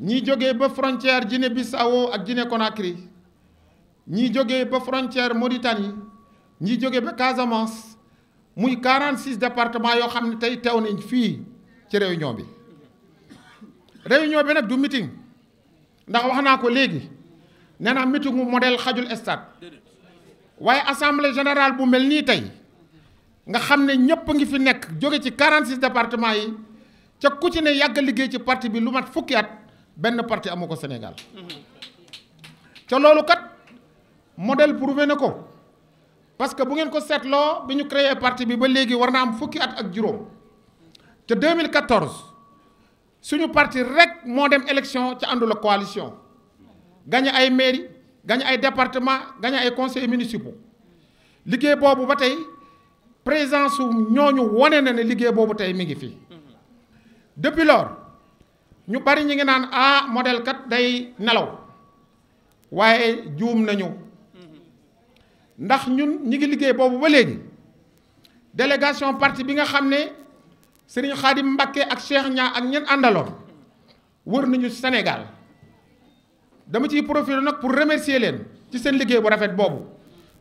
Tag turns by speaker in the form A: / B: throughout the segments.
A: ñi jógee ba frontière Guinée bisawoo ak Guinée Conakry ñi jóge ba frontière Mauritanie ñi jógee ba Casamance muy 46 départements yoo xam ne tey teew nañ fii ci réunion bi réunion bi nag du mitin ndax wax naa ko léegi nee naa meeting mu modèle xajul stade waaye assemblée générale bu mel nii tey. nga xam ne ñëpp ngi fi nekk jóge ci 46 départements yi ca ku ci ne yàgg liggéey ci parti bi lu mat fukki at benn parti amu ko Sénégal ca loolu kat modèle prouvé na ko parce que bu ngeen ko seetloo bi ñu créer parti bi ba léegi war na am fukki at ak juróom ca 2014 suñu parti rek moo dem élection ca àndul ak coalition gañe ay mairie gañe ay département gañu ay conseils municipaux liggéey boobu ba tey. présence su ñooñu wone na ne liggéey boobu tey mi ngi fi. depuis lors ñu bari ñu ngi naan ah modèle kat day nelaw waaye juum nañu ndax ñun ñi ngi liggéey boobu ba léegi délégation partie bi nga xam ne Serigne Khadim Mbacké ak Cheikh Niang ak ñen àndaloon wër nañu Sénégal dama ciy profité nag pour remercier leen ci seen liggéey bu rafet boobu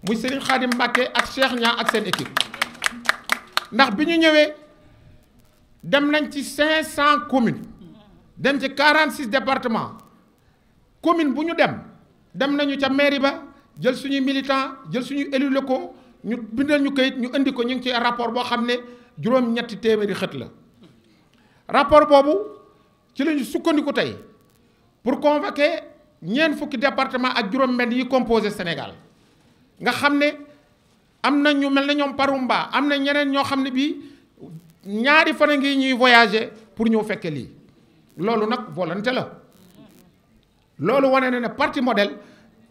A: muy Serigne Khadim Mbacké ak Cheikh Niang ak seen équipe. ndax bi ñu ñëwee dem nañ ci cinq cent communes dem ci quarante six départements commune bu ñu dem dem nañu ca mairie ba jël suñuy militants jël suñuy élus locaux ñu bindal ñu kayit ñu indi ko ñu ngi ci rapport boo xam ne juróom-ñetti téeméeri xët la rapport boobu ci lañu sukkandiku tey pour convoquer ñeent fukki département ak juróom-benn yi composé Sénégal nga xam ne am na ñu mel ne ñoom Parumba am na ñeneen ñoo xam ne bii ñaari fan ngi ñuy voyage pour ñëw fekke lii loolu nag volonté la loolu wane na ne parti model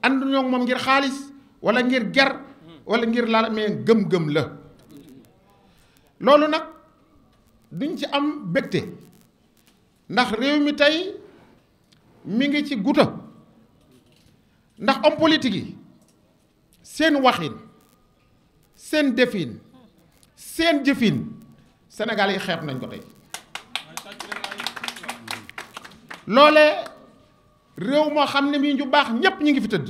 A: ànd ñoo moom ngir xaalis wala ngir ger wala ngir laal mais gëm-gëm la loolu nag duñ ci am bégte ndax réew mi tey mi ngi ci guta ndax homme politique yi seen waxin seen defin seen jëfin Sénégal yi xeeb nañ ko tey loolee réew moo xam ne mi ñu baax ñépp ñu ngi fi tëdd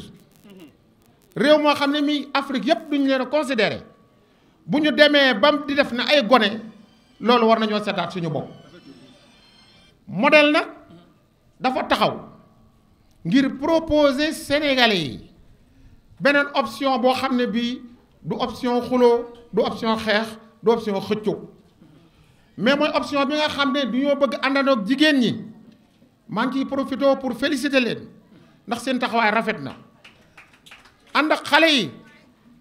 A: réew moo xam ne mii Afrique yépp duñu leen a considéré bu ñu demee ba di def na ay gone loolu war nañoo seetaat suñu bopp modèle nag dafa taxaw ngir proposer Sénégalais yi beneen option boo xam ne bii du option xuloo du option xeex du option xëccoo mais mooy option bi nga xam ne du ñoo bëgg àndandoo jigéen ñi maa ngi ciy profité pour féliciter leen ndax seen taxawaay rafet na ànd ak xale yi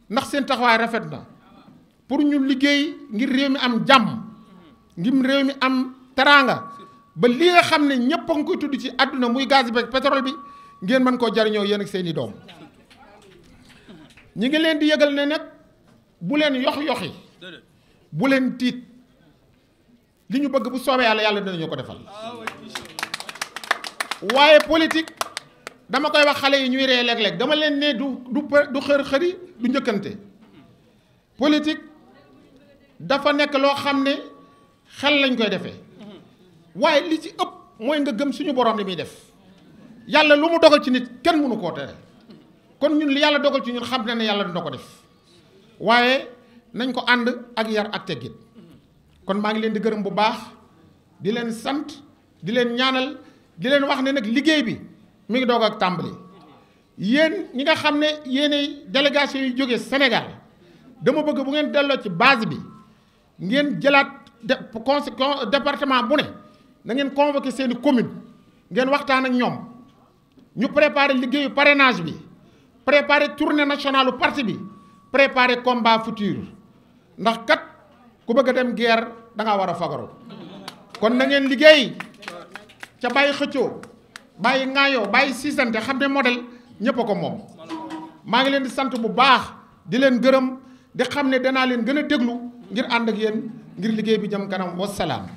A: ndax seen taxawaay rafet na pour ñu liggéey ngir réew mi am jàmm ngir réew mi am teraanga ba li nga xam ne ñëpp a ngi koy tudd ci àdduna muy gaz bi ak bi ngeen mën koo jariñoo yéen ak seeni doom ñi ngi leen di yëgal ne nag bu leen yox-yoxi bu leen tiit li ñu bëgg bu soobee yàlla yàlla dinañu ko defal waaye politique dama koy wax xale yi ñuy ree léeg-léeg dama leen ne du du du xër-xëri du njëkkante politique dafa nekk loo xam ne xel lañ koy defee waaye li ci ëpp mooy nga gëm suñu borom li muy def yàlla lu mu dogal ci nit kenn mënu koo tere kon ñun li yàlla dogal ci ñun xam na ne yàlla dina ko def waaye nañ ko ànd ak yar ak teggin kon maa ngi leen di gërëm bu baax di leen sant di leen ñaanal di leen wax ne nag liggéey bi mi ngi doog ak tàmbali yéen ñi nga xam ne yéenay délégation yu jóge Sénégal dama bëgg bu ngeen delloo ci base bi ngeen jëlaat département bu ne na ngeen convoqué seeni commune ngeen waxtaan ak ñoom ñu préparé liggéeyu parenage bi préparer tournée nationale parti bi préparer combat futur ndax kat ku bëgg a dem guerre da war a fagaru kon na ngeen liggéey ca bàyyi xëccoo bàyyi ŋaayoo bàyyi siisante xam ne modèle ñëpp a ko moom maa ngi leen di sant bu baax di leen gërëm di xam ne danaa leen gën a déglu ngir ànd ak yéen ngir liggéey bi jëm kanam wassalaam